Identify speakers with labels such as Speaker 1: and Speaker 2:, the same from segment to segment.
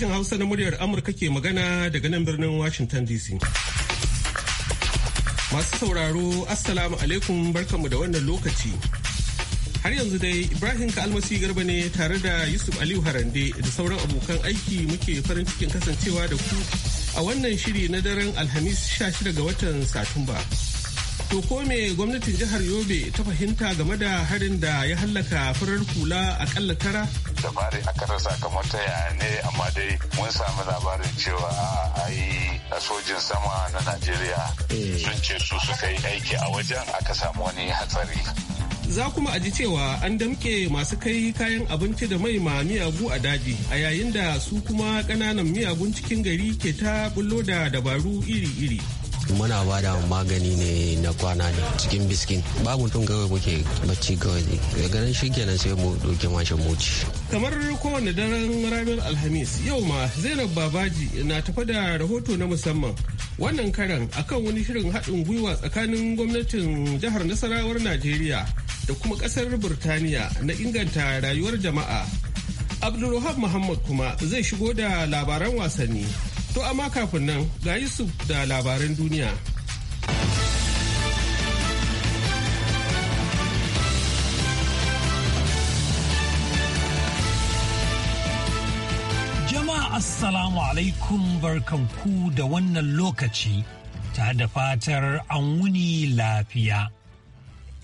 Speaker 1: Sashen Hausa na muryar Amurka ke magana daga nan birnin Washington DC. Masu sauraro, Assalamu alaikum barkanmu da wannan lokaci. Har yanzu dai Ibrahim Kalmasi Garba ne tare da Yusuf Aliyu Harande da sauran abokan aiki muke farin cikin kasancewa da ku a wannan shiri na daren Alhamis 16 ga watan Satumba. To ko me gwamnatin jihar Yobe ta fahimta game da harin da ya hallaka farar kula akalla tara?
Speaker 2: Labarin aka rasa kamar ta yaya ne amma dai mun sami labarin cewa yi a sojin sama na Najeriya eh. sun ce su suka yi aiki a wajen aka samu wani hatsari.
Speaker 1: Za kuma aji cewa an damke masu kai kayan abinci da mai ma miyagu a daji a yayin da su kuma ƙananan miyagun cikin gari ke ta bullo da dabaru iri-iri.
Speaker 3: muna ba da magani ne na kwana ne cikin biskin ba mutum kawai muke bacci kawai ne daga nan shi kenan sai mu ɗauki mashin mu
Speaker 1: kamar kowane daren ranar alhamis yau ma zainab babaji na tafa da rahoto na musamman wannan karan akan wani shirin haɗin gwiwa tsakanin gwamnatin jihar nasarawar najeriya da kuma ƙasar burtaniya na inganta rayuwar jama'a Abdulrahman muhammad kuma zai shigo da labaran wasanni To amma kafin nan ga Yusuf da labaran duniya.
Speaker 4: Jama'a Assalamu alaikum barkanku da wannan lokaci ta da fatar an wuni lafiya.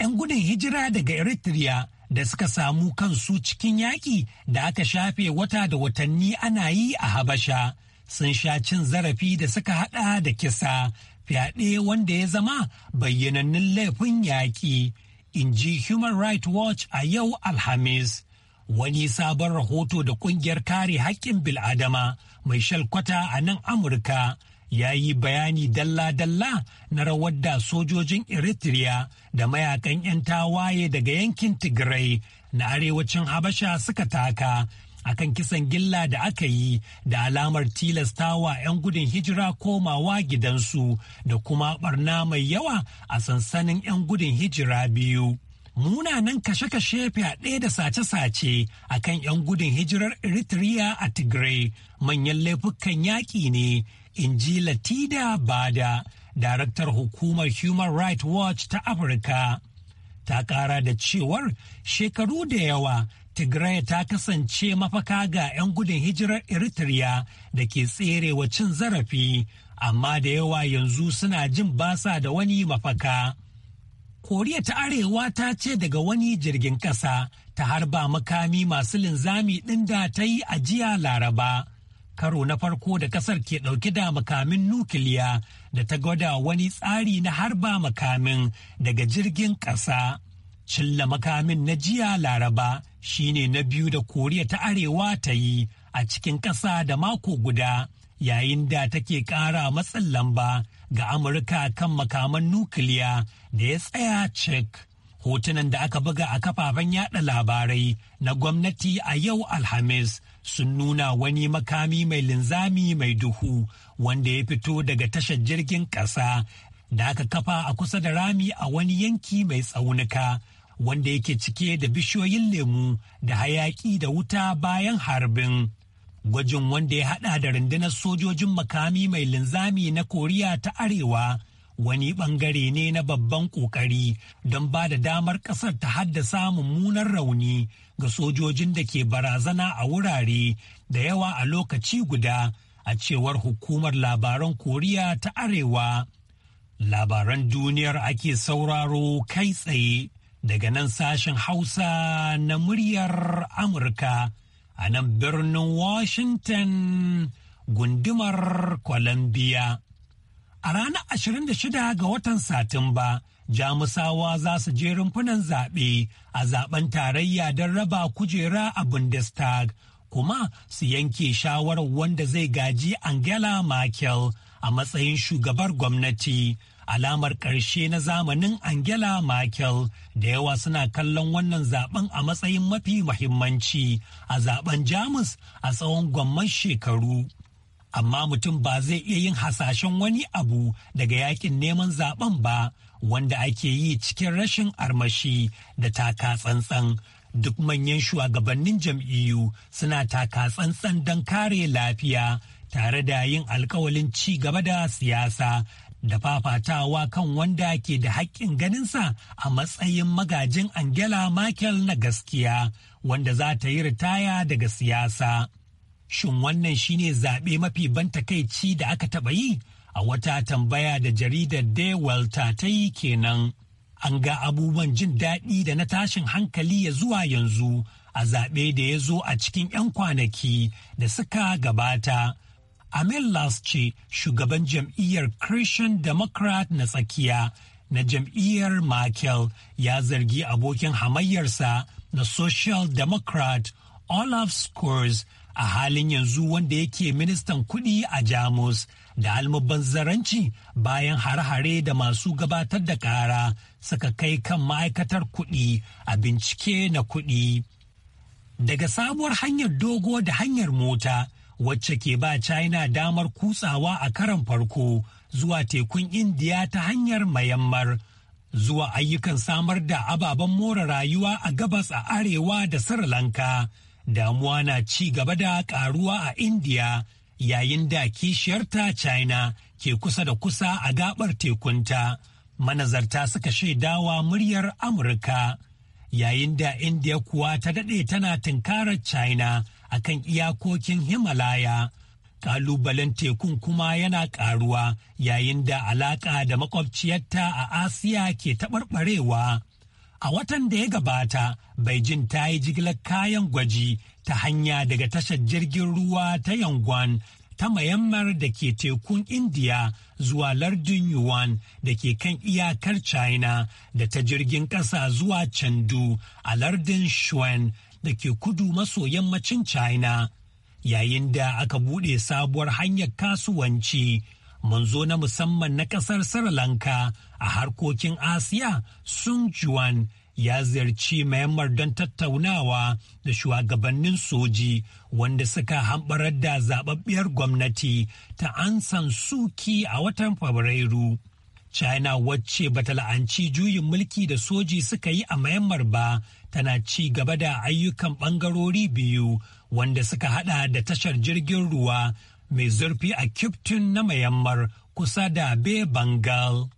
Speaker 4: 'Yan gudun hijira daga Eritrea da suka samu kansu cikin yaƙi da aka shafe wata da watanni ana yi a Habasha. sun sha cin zarafi da suka hada da kisa fyaɗe wanda ya zama bayyanannun laifin yaƙi in ji human rights watch a yau alhamis wani sabon rahoto da ƙungiyar kare haƙƙin bil'adama mai shalkwata a nan amurka ya yi bayani dalla-dalla na rawar da sojojin eritrea da mayakan 'yan tawaye daga yankin tigray na arewacin habasha suka taka akan kisan gilla da aka yi da alamar tilastawa 'yan gudun hijira komawa gidansu da kuma barna mai yawa a sansanin 'yan gudun hijira biyu. munanan kashe-kashe fyaɗe da sace-sace a kan 'yan gudun hijirar Eritrea a Tigray manyan laifukan yaƙi ne, in ji Latida Bada, daraktar hukumar Human Rights Watch ta Afirka. Ta ƙara da cewar shekaru da yawa Tigray ta kasance mafaka ga 'yan gudun hijirar Eritrea da ke tserewa cin zarafi, amma da yawa yanzu suna jin basa da wani mafaka. Koriya ta Arewa ta ce daga wani jirgin ƙasa ta harba makami masu linzami ɗin da ta yi a jiya Laraba. Karo na farko da ƙasar ke ɗauki da makamin nukiliya da ta gwada wani tsari na harba makamin daga jirgin ƙasa. Cilla makamin na jiya Laraba shine na biyu da Koriya ta Arewa ta yi a cikin ƙasa da mako guda yayin da take ƙara matsin lamba ga Amurka kan makaman nukiliya da ya tsaya cik. Hotunan da aka buga a kafafen yada labarai na gwamnati a yau Alhamis sun nuna wani makami mai linzami mai duhu wanda ya fito daga tashar jirgin ƙasa da aka kafa a kusa da rami a wani yanki mai tsaunuka wanda yake cike da bishiyoyin lemu da hayaki da wuta bayan harbin. Gwajin wanda ya haɗa da rundunar sojojin makami mai linzami na Koriya ta Arewa wani ɓangare ne na babban ƙoƙari don ba da damar ƙasar ta haddasa mummunan rauni ga sojojin da ke barazana a wurare da yawa a lokaci guda a cewar hukumar labaran Koriya ta Arewa. Labaran duniyar ake sauraro kai tsaye daga nan sashen Hausa na muryar Amurka a nan birnin Washington gundumar Columbia. A ranar 26 ga watan Satumba, Jamusawa za su je rumfunan zaɓe a zaɓen tarayya don raba kujera a Bundestag, kuma su yanke shawarar wanda zai gaji Angela Merkel a matsayin shugabar gwamnati. alamar ƙarshe na zamanin Angela Merkel da yawa suna kallon wannan zaben a matsayin mafi mahimmanci a zaben Jamus a tsawon gwamman shekaru. Amma mutum ba zai iya yin hasashen wani abu daga yakin neman zaben ba wanda ake yi cikin rashin armashi da taka tsantsan. Duk manyan shugabannin jam'iyyu suna taka tsantsan don kare lafiya tare da yin alkawalin ci gaba da siyasa da fafatawa kan wanda ke da haƙƙin ganinsa a matsayin magajin Angela Merkel na gaskiya wanda za ta yi ritaya daga siyasa. Shin wannan shine zaɓe mafi ban takaici da aka taɓa yi a wata tambaya da jaridar De Welta ta yi kenan. An ga abubuwan jin daɗi da na tashin hankali ya zuwa yanzu a zaɓe da ya zo a cikin 'yan kwanaki da suka gabata. Amin Las ce shugaban jam'iyyar Christian Democrat na tsakiya na jam'iyyar Merkel ya zargi abokin hamayyarsa na Social Democrat Olaf Scholz a halin yanzu wanda yake ministan kuɗi a Jamus da almubazzaranci bayan hare-hare da masu gabatar da kara suka kai kan ma'aikatar kuɗi a bincike na kuɗi. Daga sabuwar hanyar dogo da hanyar mota wacce ke ba China damar kutsawa a karan farko zuwa tekun Indiya ta hanyar mayammar zuwa ayyukan samar da ababen more rayuwa a gabas a arewa da Sri Lanka. Damuwa na ci gaba da karuwa a Indiya yayin da kishiyarta China ke kusa da kusa a gabar tekunta. Manazarta suka shaidawa muryar Amurka. Yayin da Indiya kuwa ta daɗe tana tunkarar China. a kan iyakokin Himalaya. ƙalubalen tekun kuma yana ƙaruwa yayin da alaƙa da makwabciyarta a Asiya ke taɓarɓarewa. A watan da ya gabata, Beijing ta yi jigilar kayan gwaji ta hanya daga tashar jirgin ruwa ta Yangon ta mayammar da ke tekun Indiya zuwa lardin Yuan da ke kan iyakar China da ta jirgin ƙasa zuwa Chengdu a lardin Shu'an. da ke kudu maso yammacin China. Yayin da aka buɗe sabuwar hanyar kasuwanci, manzo na musamman na ƙasar Sri Lanka a harkokin Asiya Sun Juan ya ziyarci Myanmar don tattaunawa da shugabannin soji wanda suka hambarar da zababbiyar gwamnati ta Ansan Suki a watan Fabrairu. China wacce bata la'anci juyin mulki da soji suka yi a Myanmar ba tana ci gaba da ayyukan bangarori biyu wanda suka hada da tashar jirgin ruwa mai zurfi a Kyptun na Myanmar kusa da Bay Bengal.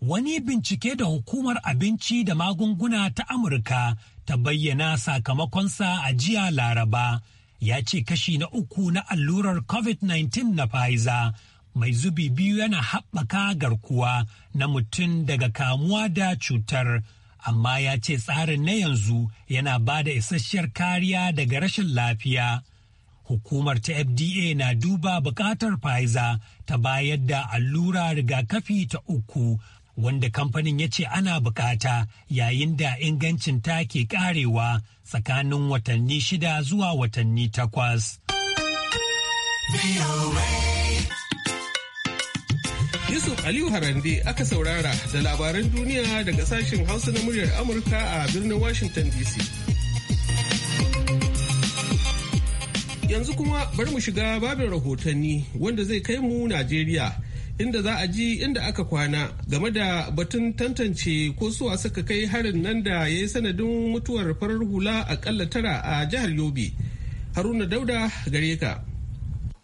Speaker 4: Wani bincike da hukumar abinci da magunguna ta Amurka ta bayyana sakamakonsa a jiya Laraba ya ce kashi na uku na allurar COVID-19 na Pfizer mai zubi biyu yana haɓaka garkuwa na mutum daga kamuwa da cutar amma ya ce tsarin na yanzu yana ba da isasshiyar kariya daga rashin lafiya hukumar ta fda na duba bukatar pfizer ta bayar da allura rigakafi ta uku wanda kamfanin ya ce ana bukata yayin da ingancin ta ke karewa tsakanin watanni shida zuwa watanni takwas.
Speaker 1: Yusuf Aliyu Harande aka saurara da labaran duniya daga sashen Hausa na muryar Amurka a birnin Washington DC. Yanzu kuma bari mu shiga babin rahotanni wanda zai kai mu Najeriya inda za a ji inda aka kwana game da batun tantance ko suwa suka kai harin nan da ya yi sanadin mutuwar farar hula akalla tara a jihar Yobe. Haruna Dauda gare ka.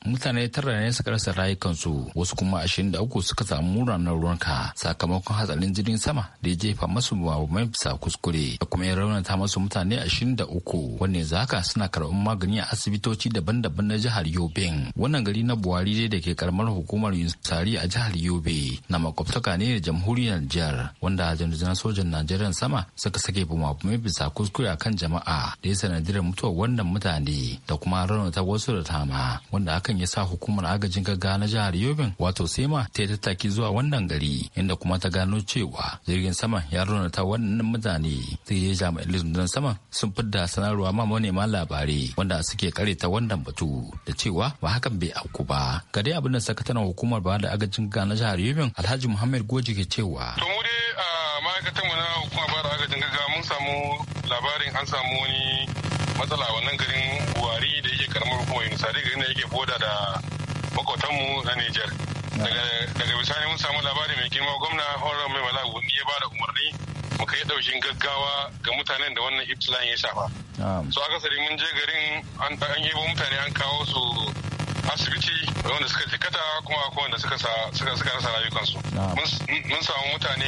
Speaker 3: mutane tara ne suka rasa rayukansu wasu kuma ashirin da uku suka samu ranar ruwanka sakamakon hatsarin jirgin sama da ya jefa masu mai bisa kuskure da kuma ya raunata masu mutane ashirin da uku wanne za haka suna karɓar magani a asibitoci daban-daban na jihar yobe. wannan gari na Buhari da ke karamar hukumar Yunsari a jihar Yobe na makwabtaka ne da jamhuriyar Nijar wanda jandunan sojan Najeriya sama suka sake bumabumai bisa kuskure akan jama'a da ya sanadiyar mutuwar wannan mutane da kuma raunata wasu da tama wanda hakan hakan ya sa hukumar agajin gaggawa na jihar Yobin wato Sema ta yi tattaki zuwa wannan gari inda kuma ta gano cewa jirgin sama ya raunata wannan mutane sai ya jami'an saman sama sun fidda sanarwa ma manema labarai wanda suke kare ta wannan batu da cewa ba hakan bai auku ba ga dai abin da sakataren hukumar ba da agajin gaggawa na jihar Yobin Alhaji Muhammad Goji ke cewa.
Speaker 2: To mu ma'aikatanmu na hukumar ba da agajin gaggawa mun samu labarin an samu wani matsala wannan garin wari da karamar hukumar yunusa daga inda yake boda da makotanmu na nijar daga bisani mun samu labari mai girma gwamna horon mai mala gundi ya bada umarni muka yi daushin gaggawa ga mutanen da wannan ibtilan ya shafa so akasari mun je garin an yi mutane an kawo su asibiti wanda suka jikata kuma akwai wanda suka suka rasa rayukansu mun samu mutane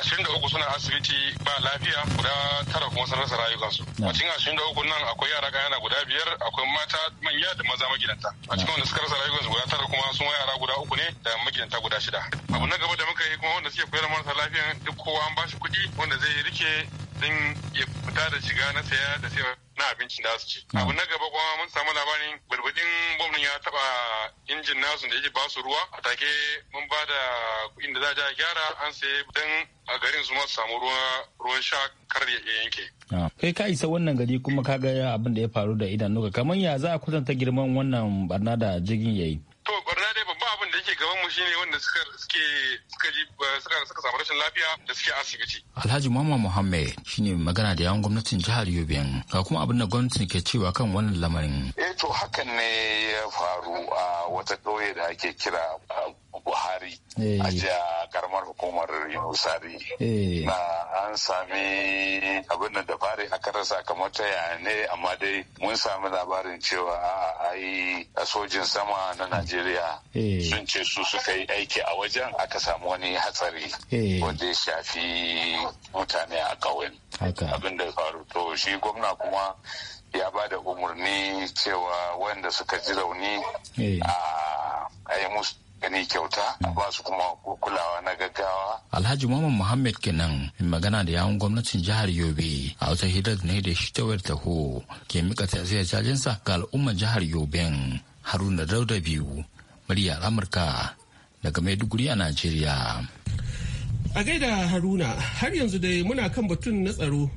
Speaker 2: ashirin da uku suna asibiti ba lafiya guda tara kuma sun rasa rayukansu a cikin ashirin da uku nan akwai yara kayana guda biyar akwai mata manya da maza magidanta a cikin wanda suka rasa rayukansu guda tara kuma sun yara guda uku ne da magidanta guda shida abu na gaba da muka yi kuma wanda suke koyar marasa lafiya duk kowa an bashi kuɗi wanda zai rike don ya fita da shiga na saya da sayar na abincin da su ci ah. abu na gaba kuma mun samu labarin barbadin bom ya taba injin nasu da yake basu ruwa a take mun ba da kuɗin da za a gyara an sai dan a garin su masu samu ruwan sha kar ya yanke
Speaker 3: ah. kai ka isa wannan gari kuma ka ga abin da ya faru da idanuka kamar ya za a kusanta girman wannan barna da jirgin yayi to barna dai babban abin da yake gaban mu shine wanda suka suke suka ji suka suka samu rashin lafiya da suke asibiti Alhaji Muhammad Muhammad shine magana da yawan gwamnatin jihar Yobe ga kuma abin da gwamnatin ke cewa kan wannan lamarin eh to
Speaker 2: hakan ne ya faru a wata kauye da ake kira uh, Buhari eh. a jiya umar yunusari eh. na an sami abin da fari aka rasa kamar ta ne amma dai mun sami labarin cewa a ai a sojin sama na najeriya eh. sun ce su suka yi aiki a wajen aka samu wani hatsari eh. wanda ya shafi mutane a ƙauyen abin da faru to shi gwamna kuma ya ba da umarni cewa wanda suka ji rauni a yi musu gani kyauta a ba su kuma
Speaker 3: kulawa na gaggawa. Alhaji Muhammad Muhammad kenan mai magana da yawun gwamnatin jihar Yobe a wata hidar ne da shi ta ho taho ke mika cajin sa ga al'ummar jihar Yobe, Haruna Dauda biyu muryar Amurka daga Maiduguri a
Speaker 1: Najeriya. A gaida Haruna har yanzu dai muna kan batun na tsaro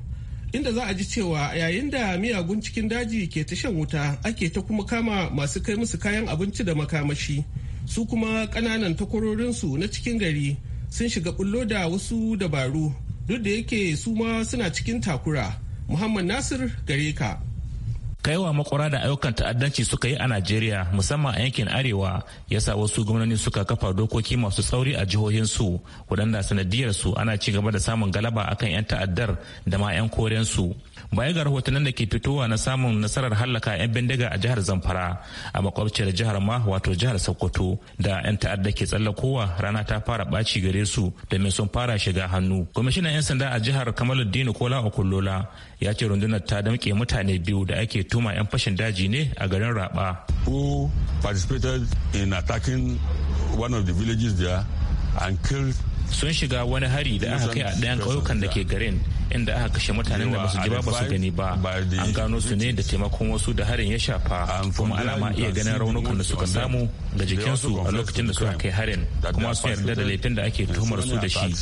Speaker 1: inda za a ji cewa yayin da miyagun cikin daji ke ta shan wuta ake ta kuma kama masu kai musu kayan abinci da makamashi su kuma ƙananan takwarorinsu na cikin gari sun shiga bullo da wasu dabaru duk da yake su ma suna cikin
Speaker 5: takura muhammad nasir gare ka kaiwa makwara da ayyukan ta'addanci suka yi a najeriya musamman a yankin arewa ya sa wasu gwamnoni suka kafa dokoki masu tsauri a jihohinsu waɗanda sanadiyarsu ana ci gaba da samun galaba akan 'yan ta'addar da ma 'yan koren su. baya ga rahotannin da ke fitowa na samun nasarar hallaka 'yan bindiga a jihar zamfara a makwabciyar jihar ma wato jihar sokoto da 'yan ta'adda ke tsallakowa rana ta fara ɓaci gare su mai sun fara shiga hannu kwamishinan 'yan sanda a jihar kamaluddin kola okullola ya ce rundunar ta damƙe mutane biyu da ake tuma 'yan fashin daji ne a garin raba who participated in attacking one of the villages there and killed sun shiga wani hari da aka kai a ɗayan ƙauyukan da ke garin inda aka kashe mutanen da basu ji ba basu gani ba an gano su ne da taimakon wasu da harin ya shafa kuma ana ma iya ganin raunukan da suka samu ga jikinsu a lokacin da suka kai harin kuma su yarda da laifin da ake tuhumar su da shi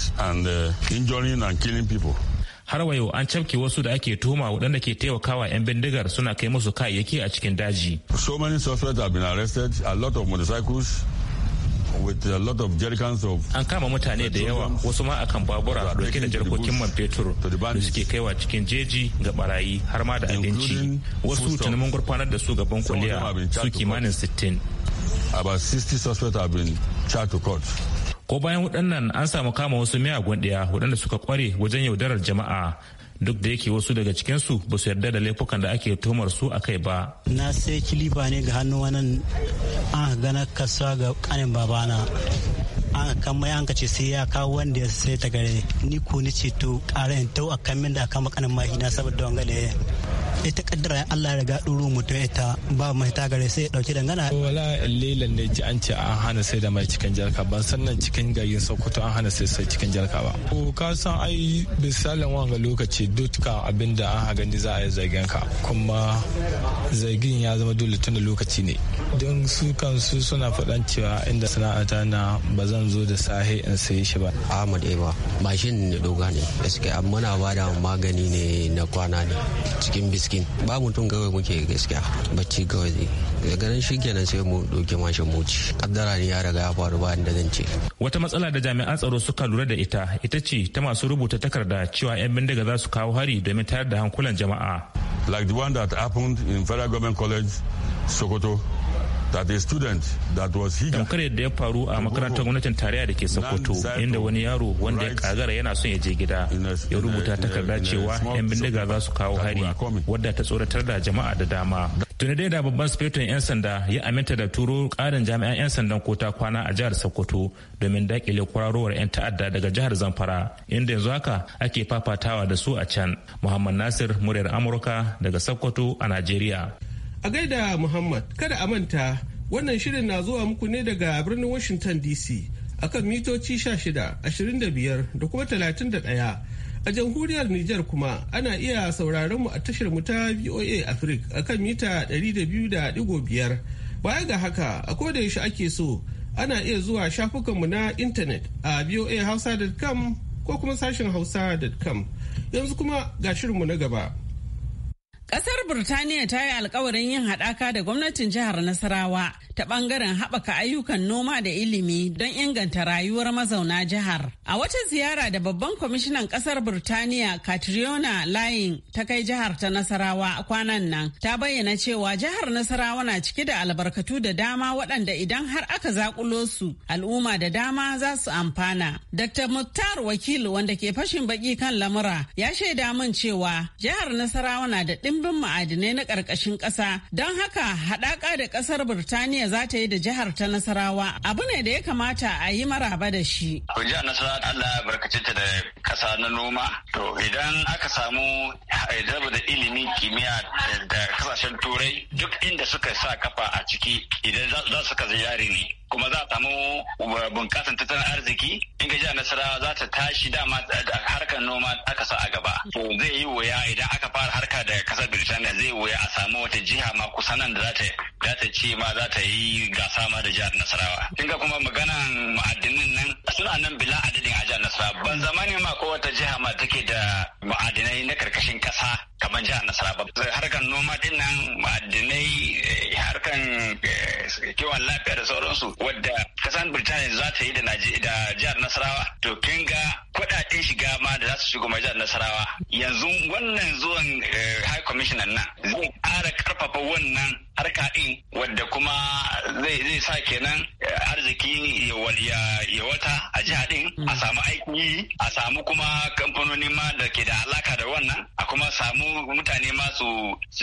Speaker 5: har wayo an cafke wasu da ake tuhuma waɗanda ke taimakawa 'yan bindigar suna kai musu kayayyaki a cikin daji. So many suspects have been arrested, a lot of motorcycles, with a lot of jerrycans of an kama mutane da yawa wasu ma akan babura dauke da jarkokin man fetur da suke kaiwa cikin jeji ga barayi har ma da abinci wasu tuni gurfanar da su gaban kuliya su kimanin 60 about 60 suspects have been charged to court ko bayan waɗannan an samu kama wasu miyagun ɗaya waɗanda suka kware wajen yaudarar jama'a duk da yake wasu daga cikinsu ba su yarda da laifukan da ake tuhumar su a kai ba.
Speaker 6: Na sai kilifa
Speaker 7: ne ga hannu wannan an gana kasuwa ga kanin babana. an kama ya hankace sai ya kawo wanda ya sai ta gare ni ko ni ce to ƙara yin tau a kamin da aka makanin mahina saboda wangale ita kaddara Allah ya riga ɗuru mutum ita ba mai ta
Speaker 8: gare sai ya ɗauki dangana.
Speaker 9: wala lelan ne ji an ce an hana sai da mai cikin jarka ban san nan cikin gayin sokoto an hana sai sai cikin jarka ba. ko ka san ai misalin wanga lokaci dukkan abinda da an gani za a yi zargin ka kuma zargin ya zama dole tun da
Speaker 3: lokaci ne don su kansu suna faɗan cewa inda sana'ata na ba zan zo da sahi in sayi shi ba ahmad ba mashin ne doga ne gaskiya muna ba da magani ne na kwana ne cikin biskin ba mutum kawai muke gaskiya bacci kawai ga ganin shi kenan sai mu ɗauki mashin muci ci kaddara ne ya riga ya faru bayan da zan ce
Speaker 5: wata matsala da jami'an tsaro suka lura da ita ita ce ta masu rubuta takarda cewa 'yan bindiga za su kawo hari domin tayar da hankulan jama'a like the one that happened in federal government college sokoto that a student that was higger tamkar yadda ya faru a makarantar gwamnatin tarayya da ke sokoto inda wani yaro wanda ya kagara yana son ya je gida ya rubuta takarda cewa 'yan bindiga za su kawo hari wadda ta tsoratar da jama'a da dama tuni dai da babban sufetin 'yan sanda ya aminta da turo karin jami'an 'yan sandan kota kwana a jihar sokoto domin dakile kwararowar 'yan ta'adda daga jihar zamfara inda yanzu haka ake fafatawa da su a can muhammad nasir muryar amurka daga sokoto a najeriya
Speaker 1: a gaida muhammad kada a manta wannan shirin na zuwa muku ne daga birnin washington dc akan mitoci 16 25 da kuma 31 A jamhuriyar Nijar kuma ana iya sauraron mu a tashar mu ta VOA Africa akan mita 200.5. Baya ga haka, a koda yaushe ake so ana iya zuwa shafukan mu na intanet a voahausa.com ko kuma sashen hausa.com. Yanzu kuma ga shirin mu na gaba.
Speaker 6: Kasar Burtaniya ta yi alkawarin yin haɗaka da gwamnatin jihar Nasarawa ta ɓangaren haɓaka ayyukan noma da ilimi don inganta rayuwar mazauna jihar. A wata ziyara da babban kwamishinan ƙasar Burtaniya Catriona Layin ta kai jihar ta Nasarawa a kwanan nan ta bayyana cewa jihar Nasarawa na cike da albarkatu da dama waɗanda idan har aka zakulo su al'umma da dama za su amfana. Dr. Muktar Wakil wanda ke fashin baki kan lamura ya shaida min cewa jihar Nasarawa na da ɗimbin ɗimbin ma'adinai na ƙarƙashin ƙasa don haka haɗaka da ƙasar Birtaniya za ta yi da jihar ta Nasarawa abu ne da ya kamata a yi maraba da
Speaker 10: shi.
Speaker 8: To jihar Nasarawa Allah ya barkace ta da ƙasa na noma. To idan aka samu haidar da ilimin kimiyya da ƙasashen turai duk inda suka sa kafa a ciki idan za su ka ziyari ne. kuma za a samu uh, bunƙasar tattalin arziki in ga jihar nasarawa za ta tashi dama harkar noma aka sa a gaba zai yi wuya idan aka fara harka da kasar birtaniya zai wuya a samu wata jiha ma kusa nan da za ta za ce ma za ta yi gasa ma da jihar nasarawa kin ga kuma maganan ma'adinin nan suna nan bila adadin a jihar nasarawa ban zamani ma ko wata jiha ma take da ma'adinai na karkashin kasa kamar jihar nasarawa harkan noma din nan ma'adinai eh, harkan eh, kiwon lafiya da sauransu wadda kasan birtaniya za ta yi da jihar nasarawa to kin ga kuɗaɗen shiga ma da za su shigo majalar nasarawa yanzu wannan zuwan eh, high commissioner nan zai ƙara karfafa wannan harka ɗin wadda kuma zai sa kenan eh, arziki ya wata a jiha ɗin a samu
Speaker 4: aiki
Speaker 8: a samu kuma kamfanoni ma da ke da alaka da wannan a kuma samu mutane ma su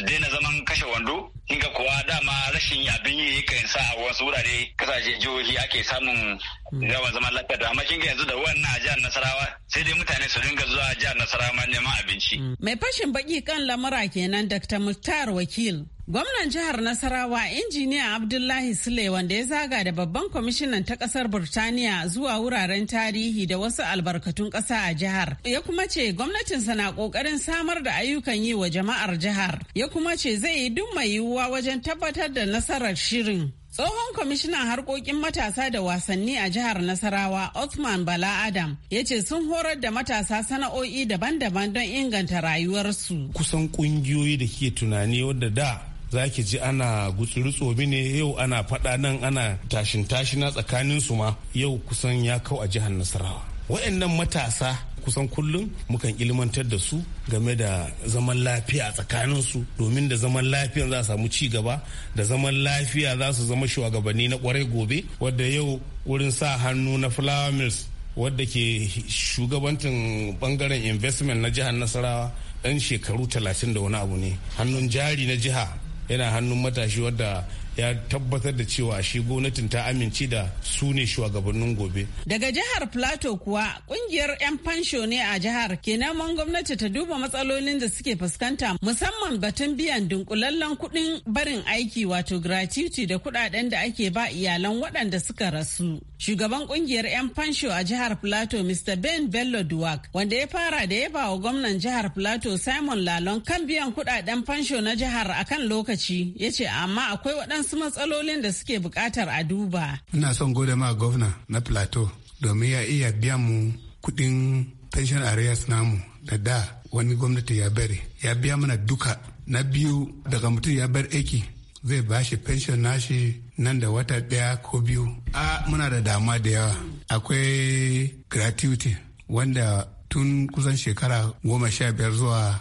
Speaker 8: daina zaman kashe wando kinga kuwa dama rashin abin yi kan sa a wasu wurare kasashe jihohi ake samun hmm. yawan zaman lafiya da amma kinga yanzu da wannan a jihar nasarawa sai dai mutane su dinga zuwa jihar nasara ma neman abinci. Mm.
Speaker 6: mai fashin baki kan lamura kenan dr muktar wakil gwamnan jihar nasarawa injiniya abdullahi sule wanda ya zaga da babban kwamishinan ta kasar burtaniya zuwa wuraren tarihi da wasu albarkatun kasa a jihar ya kuma ce gwamnatinsa na kokarin samar da ayyukan yi wa jama'ar jihar ya kuma ce zai yi duk mai yiwuwa wajen tabbatar da nasarar shirin Tsohon kwamishinan harkokin matasa da wasanni a jihar Nasarawa, Othman Bala Adam, ya ce sun horar da matasa sana'o'i daban-daban don inganta rayuwarsu.
Speaker 7: Kusan kungiyoyi da ke tunani wadda da za ki ji ana gutsuri ne yau ana faɗa nan ana tashin tashina tsakanin su ma yau kusan ya kau a jihar Nasarawa. Waɗannan matasa kusan kullum mukan ilmantar da su game da zaman lafiya tsakanin su domin da zaman lafiya za a samu ci gaba da zaman lafiya za su zama shugabanni na kwarai gobe wadda yau wurin sa hannu na flower mills wadda ke shugabantin bangaren investment na jihar nasarawa dan shekaru talatin da wani abu ne hannun jari na jiha yana hannun matashi wadda ya tabbatar da cewa shi gwamnatin ta amince da su ne shugabannin gobe.
Speaker 6: Daga jihar Plateau kuwa kungiyar 'yan fansho ne a jihar ke neman gwamnati ta duba matsalolin da suke fuskanta musamman batun biyan dunkulallen kuɗin barin aiki wato gratuity da kuɗaɗen da ake ba iyalan waɗanda suka rasu. Shugaban kungiyar 'yan fansho a jihar Plateau Mr. Ben Bello Duwak wanda ya fara da yaba wa gwamnan jihar Plateau Simon Lalon kan biyan kuɗaɗen fansho na jihar akan lokaci ya ce amma akwai waɗansu waɗansu matsalolin da suke bukatar a duba.
Speaker 7: Ina son gode ma gwamna na Plateau domin ya iya biya mu kuɗin pension arrears namu da da wani gwamnati ya bari ya biya mana duka na biyu daga mutum ya bar aiki zai ba shi pension nashi nan da wata ɗaya ko biyu a muna da dama da yawa akwai gratuity wanda tun kusan shekara goma sha biyar zuwa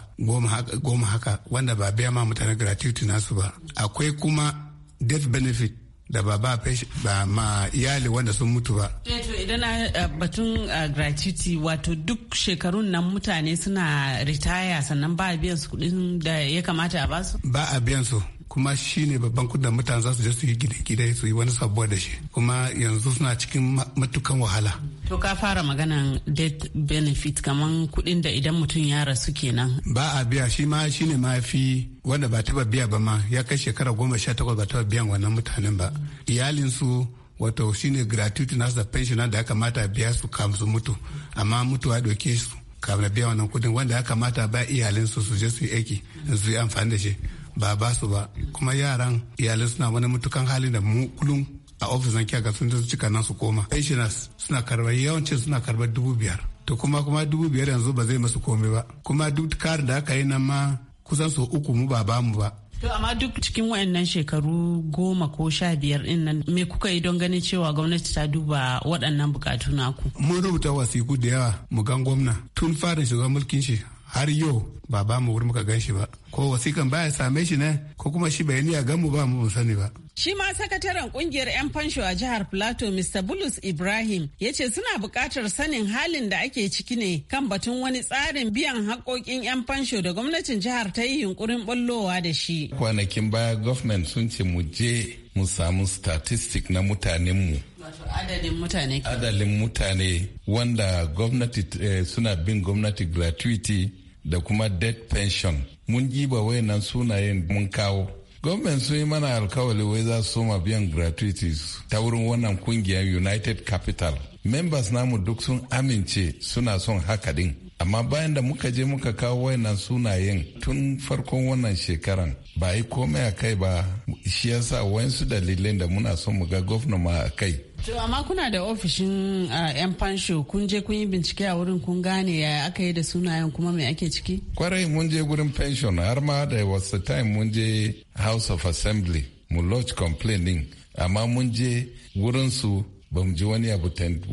Speaker 7: goma haka wanda ba biya ma mutane gratuity nasu ba akwai kuma death benefit da ba ba ba ma iyali wanda sun mutu ba.
Speaker 6: Eh, to idan a eh, batun eh, gratuity wato duk shekarun nan mutane suna ritaya sannan ba a biyan su kudin da ya kamata a basu?
Speaker 7: Ba a biyan su. kuma shi ne babban kudin mutane za su je su yi gida-gida su yi wani sabuwa da shi kuma yanzu suna cikin matukan wahala.
Speaker 6: To ka fara maganan death benefit kaman kuɗin da idan mutum ya rasu kenan. Ba
Speaker 7: a biya shi ma shi ne ma fi wanda ba taba biya ba ma ya kai shekara goma sha takwas ba taba biyan wannan mutanen ba. Iyalinsu wato ne gratuity nasu da pension da ya kamata biya su kam su mutu amma mutuwa doke su kamar biya wannan kudin wanda ya kamata ba su su je su yi aiki su yi amfani da shi. ba ba su ba kuma yaran iyalai suna wani mutukan hali da mu kullum a ofis na sun su cika nan su koma pensioners suna karbar yawancin suna karbar dubu biyar to kuma kuma dubu biyar yanzu ba zai masu komai ba kuma duk karin da aka yi nan ma kusan su uku mu ba bamu ba
Speaker 6: To amma duk cikin wayannan shekaru goma ko sha biyar din nan me kuka yi don ganin cewa gwamnati ta duba waɗannan bukatu naku?
Speaker 7: Mun rubuta wasiku da yawa mu gan gwamna tun fara shiga mulkin shi har yau ba ba mu wuri muka gan shi ba ko wasikan baya same shi ne ko kuma shi bai niya gan mu ba mu sani ba
Speaker 6: Shi ma sakataren kungiyar 'yan fansho a jihar Plateau Mr. Bulus Ibrahim ya ce suna bukatar sanin halin da ake ciki ne kan batun wani tsarin biyan haƙoƙin 'yan fansho da gwamnatin jihar ta yi yunkurin ɓallowa da shi.
Speaker 11: Kwanakin baya gwamnati sun ce mu je mu samu statistic na mutanen mu.
Speaker 6: adadin mutane adadin
Speaker 11: mutane wanda gwamnati eh, suna bin gwamnati gratuity da kuma debt pension mun jiba wayannan sunayen mun kawo Gwamnati sun yi mana alkawali wai za su soma biyan gratuities ta wurin wannan kungiyar united capital members namu duk sun amince suna son haka din amma bayan da muka je muka kawo wayannan sunayen tun farkon wannan shekaran ba yi komai a kai ba shi yasa wayansu dalilin da muna son mu ga gwamnati ma a kai
Speaker 6: To amma kuna da ofishin ah, yan fansho kun je kun yi bincike a wurin kun gane ya aka yi da sunayen kuma mai ake ciki?
Speaker 11: Kwarai mun je gurin pension har ma da wasu time mun je House of Assembly mu lodge complaining amma mun je wurin su ba mu ji wani abu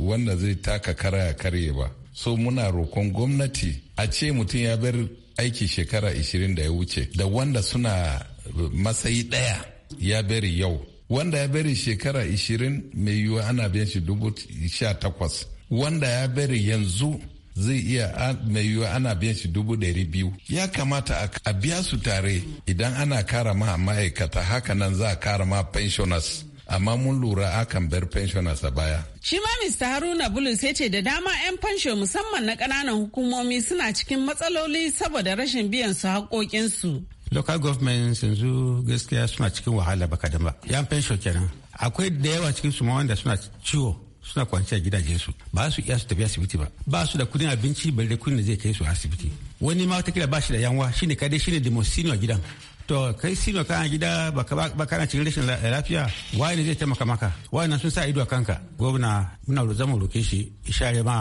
Speaker 11: wanda zai taka kara ya karye ba. So muna rokon gwamnati a ce mutum ya bar aiki shekara 20 da ya wuce da wanda suna eh, matsayi ɗaya ya bari yau. wanda ya bari shekara 20 mai yiwuwa ana biyan shi dubu sha takwas wanda ya bari yanzu zai iya mai yiwuwa ana biyan shi dubu ɗari biyu ya kamata a biya su tare idan ana kara ma ma'aikata haka nan za a kara ma pensioners amma mun lura akan bar pensioners a baya.
Speaker 6: Shi ma Mr. Haruna Bulus ya ce da dama 'yan fansho musamman na ƙananan hukumomi suna cikin matsaloli saboda rashin biyan su haƙoƙinsu.
Speaker 1: local government yanzu gaskiya suna cikin wahala baka da ba yan pension kenan akwai da yawa cikin su wanda suna ciwo suna kwanciya gidajen su ba su iya su tafi asibiti ba ba su da kudin abinci bare kudin da zai kai su asibiti wani ma wata ba shi da yanwa shine kadai shine da a gidan to kai sino kana gida ba kana cikin rashin lafiya waye ne zai taimaka maka waye sun sa ido a kanka gwamna muna zama roke shi
Speaker 10: ishare ma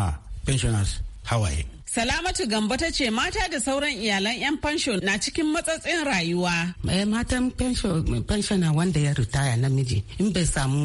Speaker 10: pensioners hawaye
Speaker 6: Salamatu Gambo ta ce mata da sauran iyalan 'yan fansho na cikin matsatsin rayuwa. Eh, matan na wanda ya ritaya namiji in bai samu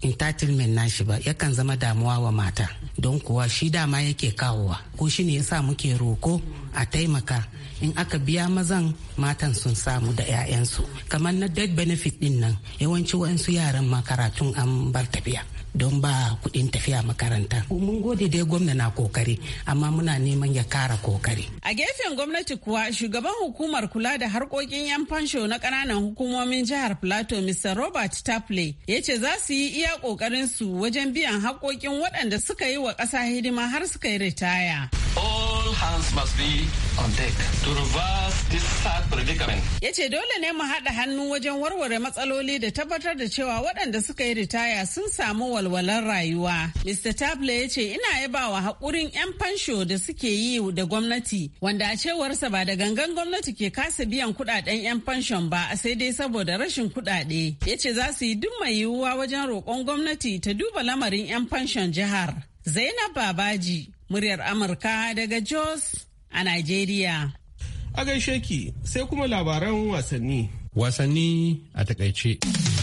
Speaker 6: entitlement shi ba yakan zama damuwa wa mata don kuwa shi dama yake kawowa ko shi ne sa muke roko a taimaka in aka biya mazan matan sun samu da 'ya'yansu kamar na dead benefit din nan yawanci wa'ansu yaran makaratun an bar tafiya. don ba kuɗin tafiya makaranta mun gode dai gwamna na kokari amma muna neman ya kara kokari a gefen gwamnati kuwa shugaban hukumar kula da harkokin yan fansho na kananan hukumomin jihar plateau mr robert tapley ya ce za su yi iya kokarin su wajen biyan haƙoƙin waɗanda suka yi wa ƙasa hidima har suka yi ritaya.
Speaker 3: Oh, hands must be on deck to reverse
Speaker 1: this sad predicament.
Speaker 6: Ya ce dole ne mu haɗa hannu wajen warware matsaloli da tabbatar da cewa waɗanda suka yi ritaya sun samu walwalar rayuwa. Mr. Table ya ce ina yabawa haƙurin 'yan fansho da suke yi da gwamnati wanda a cewarsa ba da gangan gwamnati ke kasa biyan kuɗaɗen 'yan fanshon ba sai dai saboda rashin kuɗaɗe. Ya ce za su yi duk mai yiwuwa wajen roƙon gwamnati ta duba lamarin 'yan fanshon jihar. Zainab Babaji muryar Amurka daga Jos a Najeriya.
Speaker 1: A gaishe ki sai kuma labaran wasanni. Wasanni a takaice.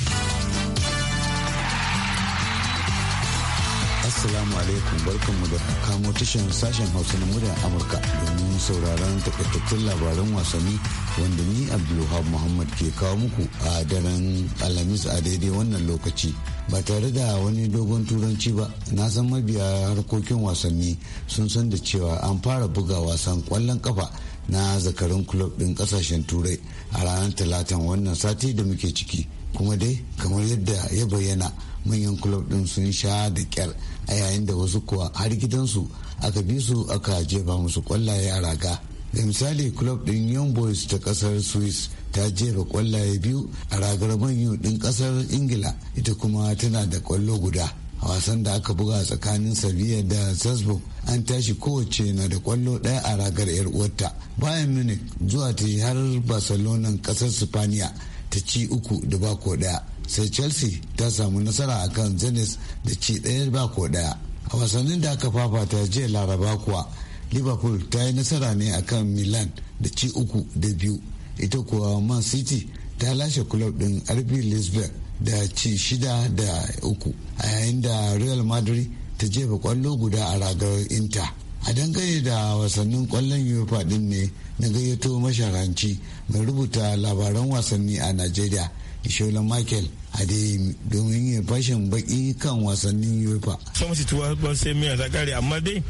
Speaker 10: Assalamu alaikum barkanmu da kamo tashin sashen Hausa na muryar Amurka domin sauraron takaitattun labaran wasanni wanda ni Abdulhab Muhammad ke kawo muku a daren Alhamis a daidai wannan lokaci. Ba tare da wani dogon turanci ba, na san mabiya harkokin wasanni sun san da cewa an fara buga wasan kwallon kafa na zakarin kulob ɗin kasashen turai a ranar talatan wannan sati da muke ciki. Kuma dai kamar yadda ya bayyana manyan kulob din sun sha da kyar a yayin da wasu kuwa har gidansu aka bi su aka jefa musu kwallaye a raga da misali kulob din young boys ta kasar swiss ta jefa kwallaye biyu a ragar manyu din kasar ingila ita kuma tana da kwallo guda a wasan da aka buga tsakanin sevilla da salzburg an tashi kowace na da kwallo ɗaya a ragar 'yar uwarta bayan munich zuwa ta har barcelona kasar spaniya ta ci uku da bako ɗaya sai chelsea ta samu nasara a kan zenith da ci ɗaya ba ko ɗaya a wasannin da aka fafata jiya laraba kuwa liverpool ta yi nasara ne a kan milan da ci uku da biyu ita kuwa man city ta lashe kulob ɗin rb lisbon da ci shida da uku a yayin da real madrid ta jefa kwallo guda a ragar inta. a dangane da wasannin kwallon uefa din ne na gayyato masharanci mai rubuta labaran wasanni a najeriya shola michael a dai domin yin fashin baki kan wasannin uefa
Speaker 9: somci tuwa ba sai miya ta kare amma dai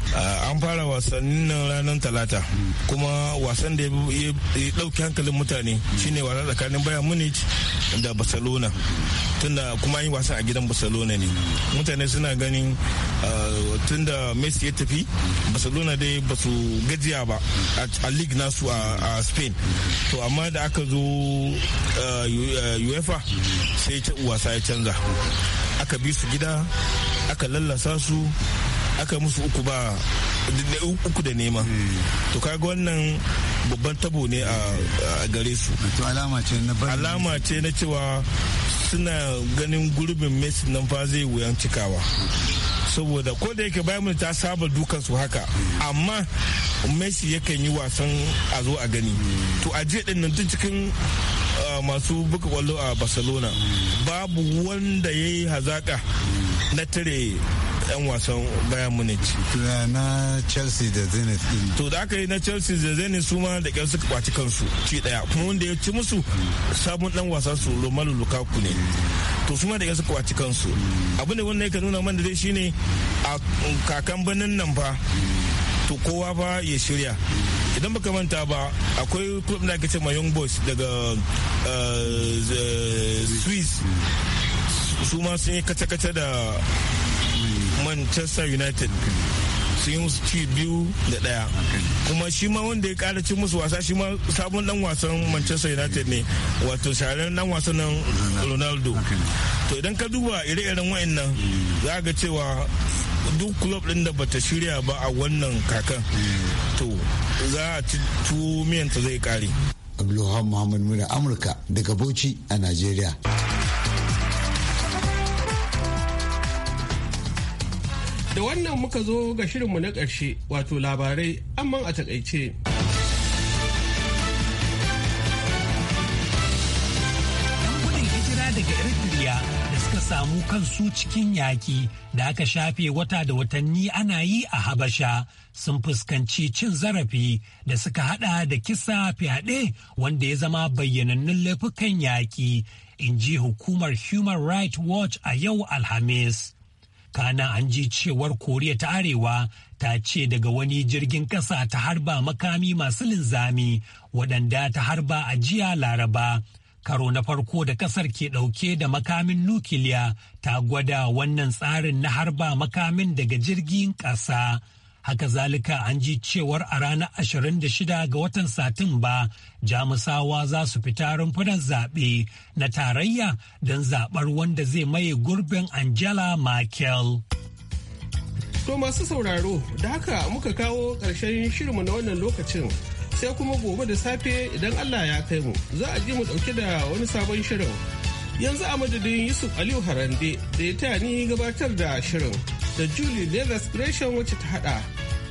Speaker 9: an fara wasannin nan ranar talata kuma wasan da ya dauki hankalin mutane shine wasa tsakanin bayan munich da barcelona tunda kuma yi wasa a gidan barcelona ne mutane suna ganin tunda messi ya tafi barcelona dai ba su gajiya ba a league nasu a spain to amma da aka zo uefa sai wasa ya canza aka bi su gida aka lallasa su aka musu uku ba uku da nema to kaga wannan babban tabo ne a gare su alama ce na cewa suna ganin gurbin messi nan fa zai wuyan cikawa saboda ko da yake bayan ta saba dukan su haka amma messi yakan yi wasan a zo a gani to a jiya din nan tun cikin masu buga kwallo a barcelona babu wanda ya yi hazaka na tare 'yan wasan bayan munich
Speaker 10: na chelsea da zenit
Speaker 9: to da aka yi na chelsea da zenit su ma da kyau suka kwaci kansu ci daya kuma wanda ya ci musu sabon dan wasan su romelu lukaku ne to su ma da kyau suka kwaci kansu abinda wanda ya ka nuna man da dai shine a kakan birnin nan fa to kowa fa ya shirya idan baka manta ba akwai club na ake cewa young boys daga eh, eh, swiss su ma sun yi kace-kace da manchester united sun yi musu ci biyu da daya kuma shi ma wanda ya kara cin musu wasa shi ma sabon dan wasan manchester united ne wato shahararren dan wasan nan ronaldo to idan ka duba ire-iren wa'annan za ga cewa duk club din da bata
Speaker 10: shirya ba a wannan kakan to za a ci tuwo miyanta zai kare abdulhamid muhammad muna amurka daga bauchi a nigeria da wannan muka zo
Speaker 1: ga shirinmu na ƙarshe wato labarai amma a takaice.
Speaker 4: tsaro kansu cikin yaƙi da aka shafe wata da watanni ana yi a Habasha sun fuskanci cin zarafi da suka hada da kisa fyaɗe wanda ya zama bayyanannun laifukan yaƙi, in ji hukumar Human Rights Watch a yau Alhamis. kana an ji cewar koriya ta arewa ta ce daga wani jirgin ƙasa ta harba makami masu linzami waɗanda ta harba a jiya laraba karo na farko da kasar ke ɗauke da makamin nukiliya ta gwada wannan tsarin na harba makamin daga jirgin ƙasa. Haka zalika an ji cewar a ranar 26 ga watan Satumba jamusawa za su fita rumfunan zaɓe na tarayya don zaɓar wanda zai maye gurbin Angela Merkel. To masu
Speaker 1: sauraro, da haka muka kawo ƙarshen shirinmu na wannan lokacin. sai kuma gobe da safe idan Allah ya kai mu za a ji mu dauke da wani sabon shirin yanzu a madadin Yusuf Aliyu Harande da ya taya ni gabatar da shirin da Julie Leathers Gresham wacce ta hada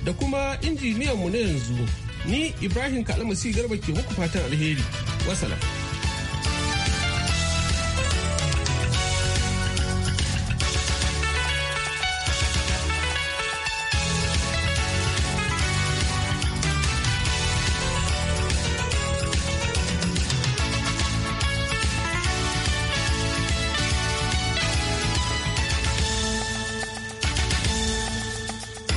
Speaker 1: da kuma injiniyan mu na yanzu ni Ibrahim kalamasi Garba ke muku fatan alheri wasalam